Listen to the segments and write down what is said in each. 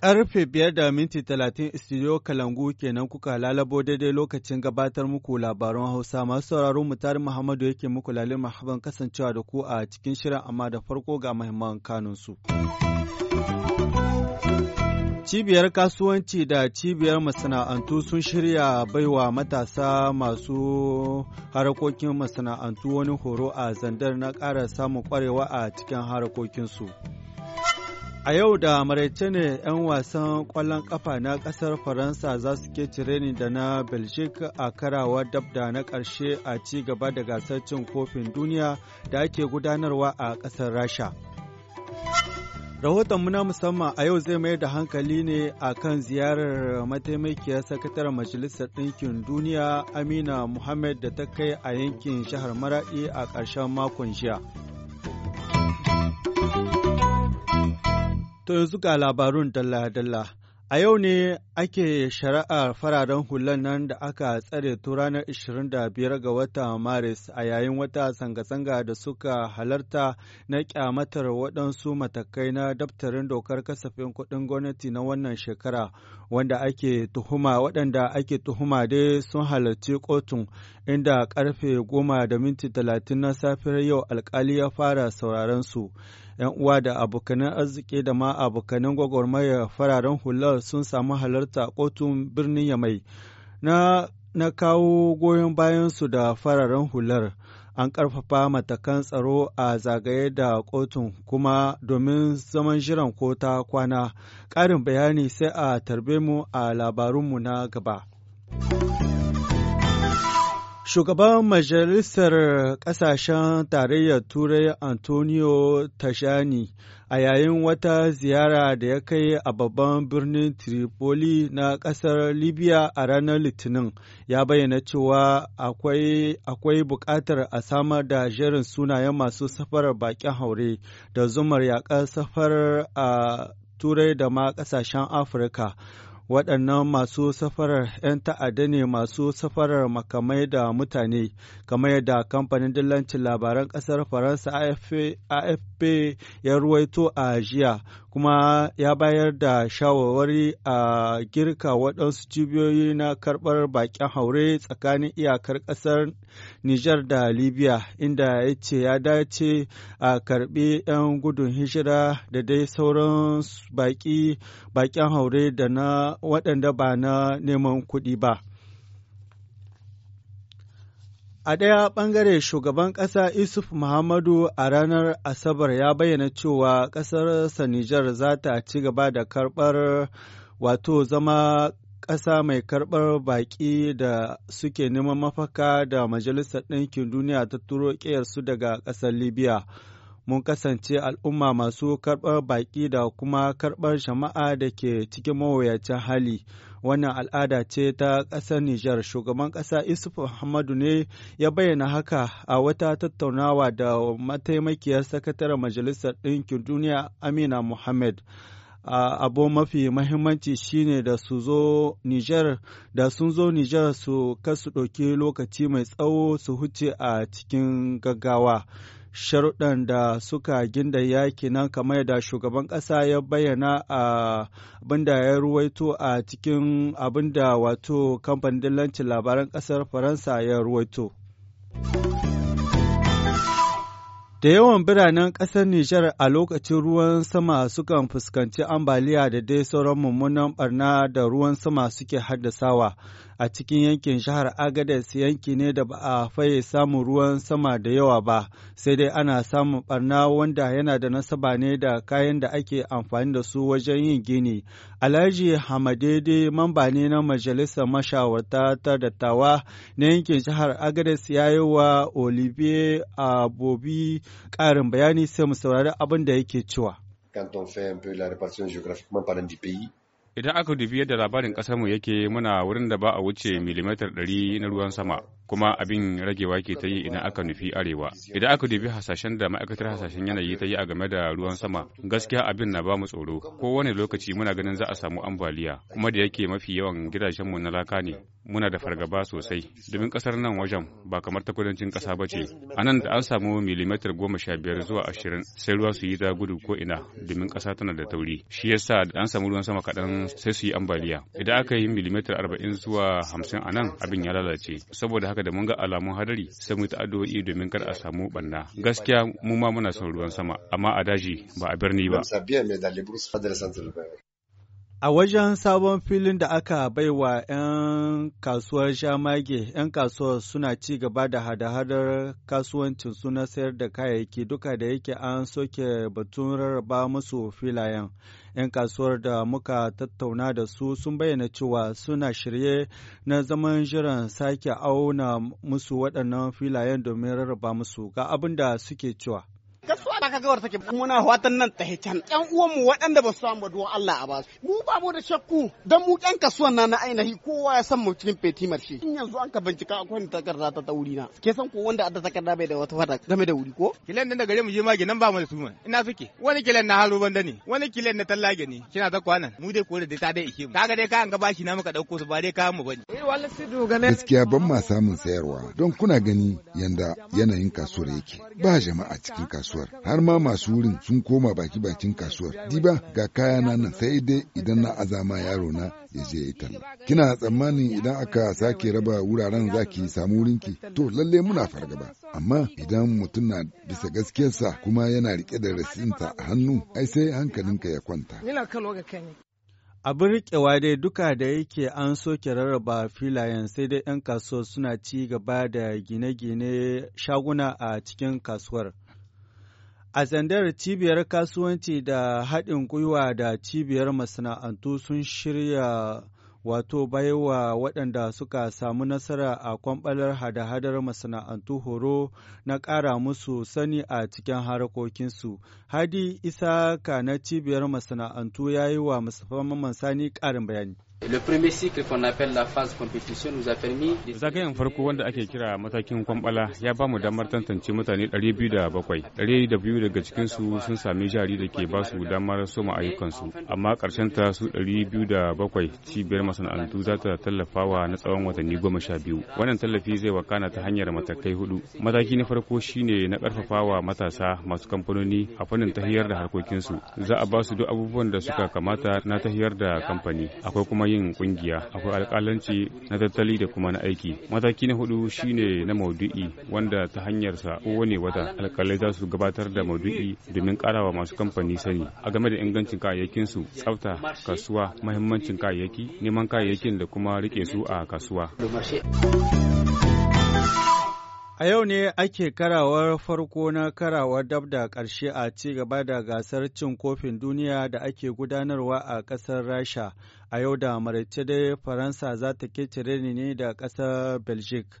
Karfe biyar da minti talatin studio Kalangu kenan kuka lalabo daidai lokacin gabatar muku labaran Hausa masu sauraron mu tare Muhammadu yake muku lalima mahaban kasancewa da ku a cikin shirin amma da farko ga mahimman kanunsu. Cibiyar kasuwanci da cibiyar masana'antu sun shirya baiwa matasa masu harakokin masana'antu wani horo a zandar na ƙara samun ƙwarewa a cikin harakokinsu. A yau da maraice ne 'yan wasan ƙwallon ƙafa na ƙasar Faransa za su ke ni da na Belgique a karawa dabda na ƙarshe a ci gaba da gasar cin kofin duniya da ake gudanarwa a ƙasar Rasha. Rahoton na musamman a yau zai mayar da hankali ne a kan ziyarar mataimakiyar sakataren Majalisar Ɗinkin Duniya Amina Muhammad da ta kai a yankin shahar Maraɗi a ƙarshen makon jiya. To yanzu ga labarun dalla-dalla. A yau ne ake shari'ar fararen hulan nan da aka tsare tun ranar 25 ga wata Maris a yayin wata zanga-zanga da suka halarta na kyamatar waɗansu matakai na daftarin dokar kasafin kuɗin gwamnati na wannan shekara wanda ake tuhuma waɗanda ake tuhuma dai sun halarci kotun inda karfe goma da minti talatin na safiyar yau alkali ya fara sauraron su. 'yan uwa da abokanan arziki da ma abokanan gwagwarmaya fararen hular sun samu halarta kotun birnin yamai na, na kawo goyon bayansu da fararen hular an ƙarfafa matakan tsaro a zagaye da kotun kuma domin zaman jiran kota kwana ƙarin bayani sai a tarbe mu a labarunmu na gaba. Shugaban Majalisar Ƙasashen Tarayyar Turai Antonio Tashani, a yayin wata ziyara da ya kai a babban birnin Tripoli na ƙasar Libya a ranar Litinin ya bayyana cewa akwai, akwai buƙatar a samar da jerin sunayen masu safar baƙin haure da zumar yaƙar safar a Turai da ma ƙasashen Afirka. waɗannan masu safarar 'yan ta'adda ne masu safarar makamai da mutane kamar yadda kamfanin dillancin labaran ƙasar faransa afp ya ruwaito a jiya kuma ya bayar da shawarwari a girka waɗansu cibiyoyi na karɓar baƙin haure tsakanin iyakar ƙasar nijar da libya inda ya ce ya dace a karɓi 'yan gudun hijira da dai sauran baƙin haure da na waɗanda ba na neman kuɗi ba. A ɗaya ɓangare shugaban ƙasa Isuf Muhammadu a ranar Asabar ya bayyana cewa ƙasarsa Nijar za ta ci gaba da karɓar wato zama ƙasa mai karɓar baƙi da suke neman mafaka da Majalisar Ɗinkin Duniya ta turo ƙiyarsu daga ƙasar Libya. mun kasance al'umma masu karɓar baƙi da kuma karɓar jama'a da ke cikin mawuyacin hali. Wannan al'ada ce ta ƙasar Nijar, shugaban ƙasa Isuf Muhammadu ne ya bayyana haka a wata tattaunawa da mataimakiyar sakataren Majalisar Ɗinkin Duniya Amina muhammed a abu mafi mahimmanci shine da su zo Nijar da sun zo Nijar su kasu ɗauki lokaci mai tsawo su huce a cikin gaggawa. sharuɗan da suka ginda yaki nan kamar da shugaban ƙasa ya bayyana a abinda ya ruwaito a cikin abinda wato kamfanin dillancin labaran ƙasar faransa ya ruwaito. Da yawan biranen ƙasar Nijar a lokacin ruwan sama sukan fuskanci ambaliya da dai sauran mummunan barna da ruwan sama suke haddasawa. a cikin yankin shahar Agadez yanki ne da ba a faye samun ruwan sama da yawa ba, sai dai ana samun barna wanda yana da nasaba ne da kayan da ake amfani da su wajen yin gini. Alhaji Hamadede mamba ne na majalisar mashawarta ta dattawa na yankin jihar Agadez ya yi wa Olivier Abobi ƙarin bayani sai mu saurari abin da yake cewa. Idan aka dubi yadda labarin ƙasarmu yake muna wurin da ba a wuce milimetar ɗari na ruwan sama. kuma abin ragewa ke ta yi idan aka nufi arewa idan aka dubi hasashen da ma'aikatar hasashen yanayi ta yi a game da ruwan sama gaskiya abin na bamu tsoro kowane lokaci muna ganin za a samu ambaliya kuma da yake mafi yawan gidajenmu na laka ne muna da fargaba sosai domin kasar nan wajen ba kamar ta kudancin kasa ba ce a nan da an samu milimetar goma sha biyar zuwa ashirin sai ruwa su yi ta gudu ko ina domin kasa tana da tauri shi yasa da an samu ruwan sama kaɗan sai su yi ambaliya idan aka yi milimetar arba'in zuwa hamsin a nan abin ya lalace saboda haka haka da mun ga alamun hadari sai mu yi ta'addu'o'i domin kar a samu ɓanna gaskiya mu ma muna son ruwan sama amma a daji ba a birni ba A wajen sabon filin da aka baiwa 'yan kasuwar shamage, 'yan kasuwar suna ci gaba da hada-hadar kasuwancin suna sayar da kayayyaki duka da yake an soke batun rarraba musu filayen. 'Yan kasuwar da muka tattauna da su sun bayyana cewa suna shirye na zaman jiran sake auna musu waɗannan filayen domin rarraba musu ga abin da suke cewa. kasa ka gawar take muna watan nan ta hitan yan uwan mu waɗanda ba su samu duwan Allah a ba su mu ba mu da shakku dan mu yan kasuwan na na ainihi kowa ya san mu cikin fetimar shi in yanzu an ka bincika akwai takarda ta tauri na ke san ko wanda adda takarda bai da wata fada game da wuri ko kilan nan da gare mu je ma ginan ba mu da su suma ina suke wani kilan na haro banda ne wani kilan na tallage ne kina ta kwanan mu dai kore da ta dai ike mu kaga dai ka an ga bashi na muka dauko su ba dai ka mu bane eh wallahi ne gaskiya ban ma samun sayarwa don kuna gani yanda yanayin kasuwar yake ba jama'a cikin kasuwar har har ma masu wurin sun koma baki bakin kasuwar diba ga kayana nan sai dai idan na azama yaro na ya je ya talla kina tsammanin idan aka sake raba wuraren zaki samu wurinki to lalle muna fargaba amma idan mutum na bisa gaskiyarsa kuma yana rike da rasinta a hannu ai sai hankalinka ya kwanta abin rikewa dai duka da yake an soke rarraba filayen sai dai 'yan kasuwa suna ci gaba da gine-gine shaguna a cikin kasuwar. A tsandar cibiyar kasuwanci da haɗin gwiwa da cibiyar masana'antu sun shirya wato baiwa waɗanda suka samu nasara a kwamɓalar hada-hadar masana'antu horo na ƙara musu sani a cikin harkokinsu. Hadi Isaka na cibiyar masana'antu ya yi wa musamman sani ƙarin bayani. Zagayen farko wanda ake kira matakin kwambala ya ba mu damar tantance mutane 207. biyu daga cikinsu sun sami jari da ke ba su damar soma ayyukansu, amma ƙarshen ta su 207 cibiyar masana'antu za ta tallafawa na tsawon watanni goma sha biyu Wannan tallafi zai wakana ta hanyar matakai hudu. Mataki na farko shine na ƙarfafawa matasa masu kamfanoni a fannin tahiyar da harkokinsu. Za a ba su duk abubuwan da suka kamata na tahiyar da kamfani. Akwai kuma yin kungiya akwai alkalanci na tattali da kuma na aiki mataki na hudu shine na maudu'i wanda ta hanyarsa kowane wata alkalai za su gabatar da maudu'i domin karawa masu kamfani sani a game da ingancin kayayyakin su tsafta kasuwa mahimmancin kayayyaki neman kayayyakin da kuma rike su a kasuwa. A yau ne ake karawar farko na karawar dab da ƙarshe a ci gaba da gasar cin kofin duniya da ake gudanarwa a ƙasar Rasha. A yau da maraice dai Faransa za ta kecire ne da ƙasar Belgique.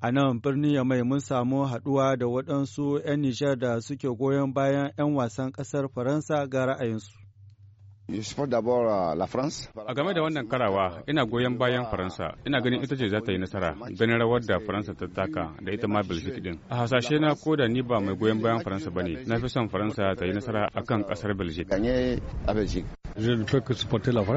A nan birnin mai mun samu haɗuwa da waɗansu 'yan Nijar da suke goyon bayan 'yan wasan ƙasar Faransa ga ra'ayinsu. Uh, a game da wannan karawa, ina goyon bayan Faransa, ina ganin ita ce za ta yi nasara, ganin rawar da Faransa ta taka da ita ma Belgium din. A hasashe na ko da ni ba mai goyon bayan Faransa ba ne, na fi son Faransa ta yi nasara a kan ƙasar Belgium.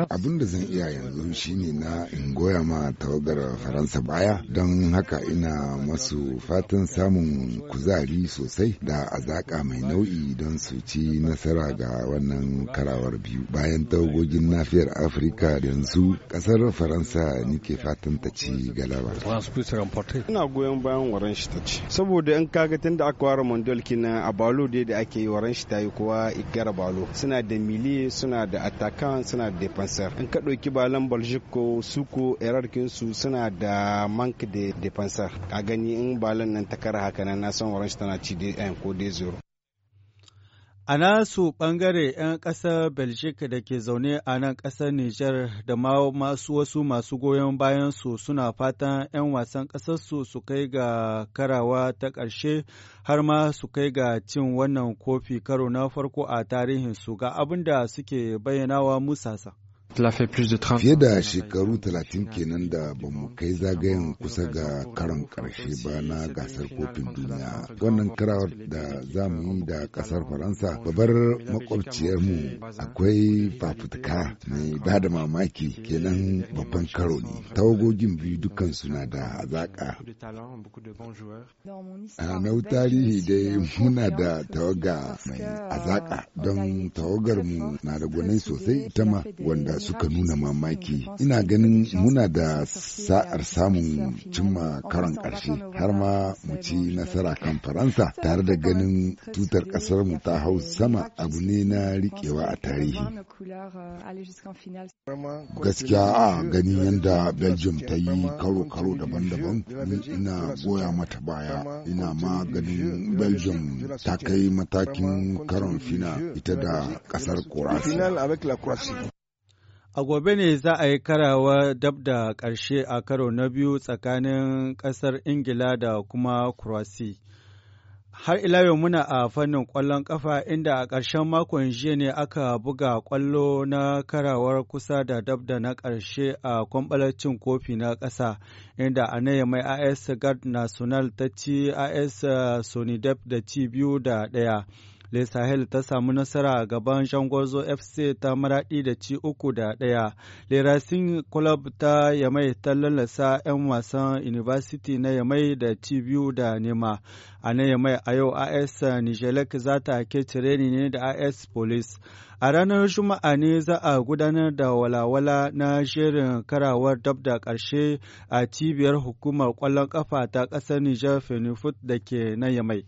Abin da zan iya yanzu shi ne na in goya ma tawagar Faransa baya, don haka ina masu fatan samun kuzari sosai da azaƙa mai nau'i don su ci nasara ga wannan karawar biyu. bayan tawagogin nafiyar afirka yanzu kasar faransa ke fatan ta ci galaba ina goyon bayan waran shi ta ci saboda in kaga tun da aka ware mondial kina a balo dai da ake yi waran shi ta yi kuwa igara balo suna da mili suna da attacan suna da defensor in ka ɗauki balan baljiko suko erarkin su suna da mank de defensor a gani in balan nan ta kara haka nan na san waran shi tana ci da eh, ko dai zero A nasu ɓangare 'yan ƙasar Belgic da ke zaune a nan ƙasar Nijar da ma masu wasu masu goyon bayan su suna fatan 'yan wasan ƙasarsu su kai ga karawa ta ƙarshe har ma su kai ga cin wannan kofi karo na farko a tarihinsu ga abin da suke bayyanawa musasa. Fiye da shekaru talatin kenan da ba mu kai zagayen kusa ga karan karshe ba na gasar kofin duniya. Wannan karawar da za mu yi da kasar Faransa babar makwabciyarmu akwai fafutuka mai ba da mamaki kenan babban karo ne. Tawagogin biyu dukkan suna da zaƙa. A na tarihi dai muna da tawaga mai azaka don mu na da gwanai sosai ita ma wanda suka nuna mamaki ina ganin muna da sa'ar samun cimma karon ƙarshe har ma mu ci nasara kan faransa tare da ganin tutar ƙasar mu ta hau sama abu ne na riƙewa a tarihi gaskiya a ganin yadda belgium ta yi karo-karo daban-daban ina goya mata baya ina ma ganin belgium ta kai matakin karon fina ita da ƙasar kurasi A gobe ne za a yi karawa dab da ƙarshe a karo na biyu tsakanin ƙasar Ingila da kuma Kurasi. Har ila yau muna a fannin ƙwallon ƙafa inda a ƙarshen makon jiya ne aka buga ƙwallo na karawar kusa da dab da na ƙarshe a kwamɓalar kofi na ƙasa inda a na mai AS Guard National ta ci AS Sonidep da ci biyu da ɗaya. Le Sahel ta samu nasara gaban Shangwazo FC ta maraɗi da ci uku da ɗaya. Le Racing Club ta Yamai ta lalasa 'yan wasan University na Yamai da ci biyu da nema. A na Yamai a yau AS Nijelek za ta ke cireni ne da AS Police. A ranar Juma'a ne za a gudanar da walawala na shirin karawar dab da ƙarshe a cibiyar hukumar kwallon ƙafa ta ƙasar Nijar Fenifut da ke na Yamai.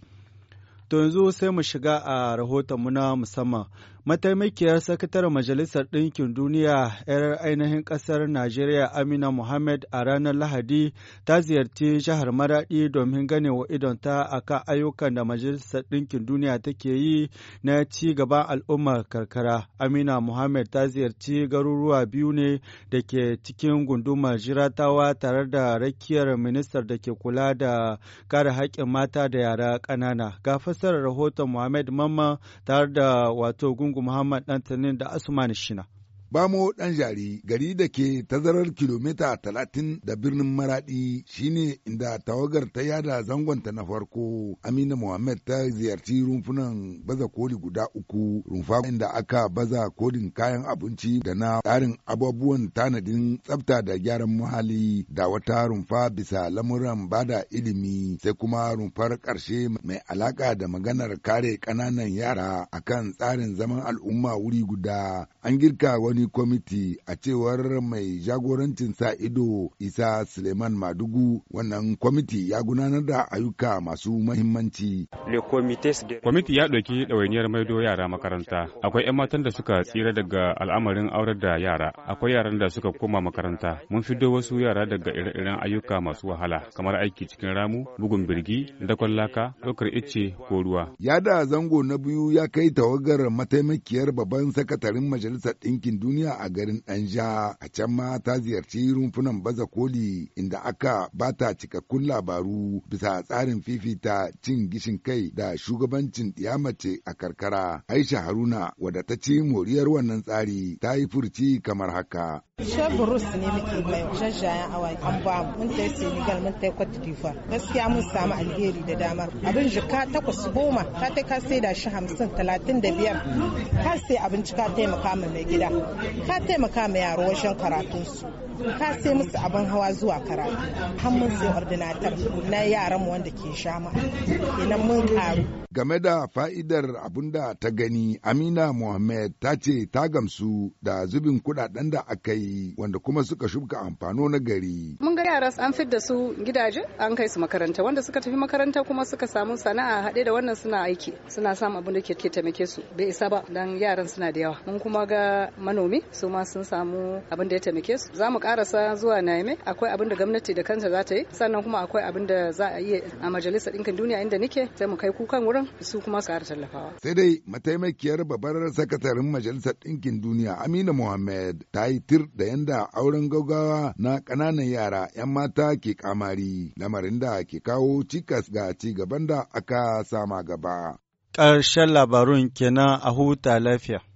To yanzu sai mu shiga a rahotonmu na musamman. Mataimakiyar Sakataren Majalisar Ɗinkin Duniya, 'yar ainihin ƙasar Najeriya Amina Mohamed a ranar Lahadi ta ziyarci jihar Maraɗi domin gane wa idonta a kan ayyukan da Majalisar Ɗinkin Duniya take yi na ci gaban al'ummar karkara. Amina Mohamed ta ziyarci garuruwa biyu ne da ke cikin gundumar jiratawa tare da rakiyar ministar da ke kula da kare haƙƙin mata da yara ƙanana. Ga fassarar rahoton Mohamed Mamman tare da wato Gungu Muhammad Tanin da Asman Shina. Bamo ɗan jari gari da ke tazarar kilomita talatin da birnin Maraɗi shine inda tawagar ta yada zangonta na farko Amina Mohammed ta ziyarci rumfunan baza koli guda uku rumfa inda aka baza kodin kayan abinci da na tsarin abubuwan tanadin tsafta da gyaran muhalli da wata rumfa bisa lamuran bada ilimi sai kuma rumfar ƙarshe mai alaƙa da maganar kare ƙananan yara akan tsarin zaman al'umma wuri guda an girka wani Ilimi kwamiti a cewar mai jagorancin sa ido isa suleiman madugu wannan kwamiti ya gudanar da ayyuka masu mahimmanci kwamiti ya ɗauki ɗawainiyar maido yara makaranta akwai 'yan matan da suka tsira daga al'amarin aurar da yara akwai yaran da suka koma makaranta mun fido wasu yara daga ire-iren ayyuka masu wahala kamar aiki cikin ramu bugun birgi dakon laka ɗaukar icce ko ruwa ya da zango na biyu ya kai tawagar mataimakiyar babban sakatarin majalisar ɗinkin duniya duniya a garin Danja a can ma ta ziyarci rumfunan baza koli inda aka bata cikakkun labaru bisa tsarin fifita cin gishin kai da shugabancin mace a karkara. Aisha Haruna wadda ta ci moriyar wannan tsari ta yi furci kamar haka. Shaburus ne muke mai jajjayen awaki an ba mu mun tai Senegal mun yi Cote d'Ivoire gaskiya mun samu alheri da dama abin jika takwas goma ka ta ka da shi hamsin talatin da biyar kasai abinci ka taimaka mai gida ka taimaka ma yaro wajen karatunsu ka sai musu abin hawa zuwa karatu har mun sai ordinatar na yaran wanda ke sha shama kenan mun karu game da fa'idar abin da ta gani amina mohammed ta ce ta gamsu da zubin kudaden da aka yi wanda kuma suka shuka amfano na gari mun ga yara an fidda su gidaje an kai su makaranta wanda suka tafi makaranta kuma suka samu sana'a haɗe da wannan suna aiki suna samun abin da ke taimake su bai isa ba dan yaran suna da yawa mun kuma ga manomi su ma sun samu abin da ya taimake su za mu karasa zuwa Naime akwai abin da gwamnati da kanta za ta yi sannan kuma akwai abin da za a yi a majalisar ɗinkin duniya inda nike sai mu kai kukan wurin su kuma su ƙara tallafawa. Sai dai mataimakiyar babbar sakatarin majalisar ɗinkin duniya Amina Mohammed ta yi tir da yanda auren gaugawa na ƙananan yara 'yan mata ke kamari lamarin da ke kawo cikas ga ci gaban da aka sama gaba. karshen labarun kenan a huta lafiya.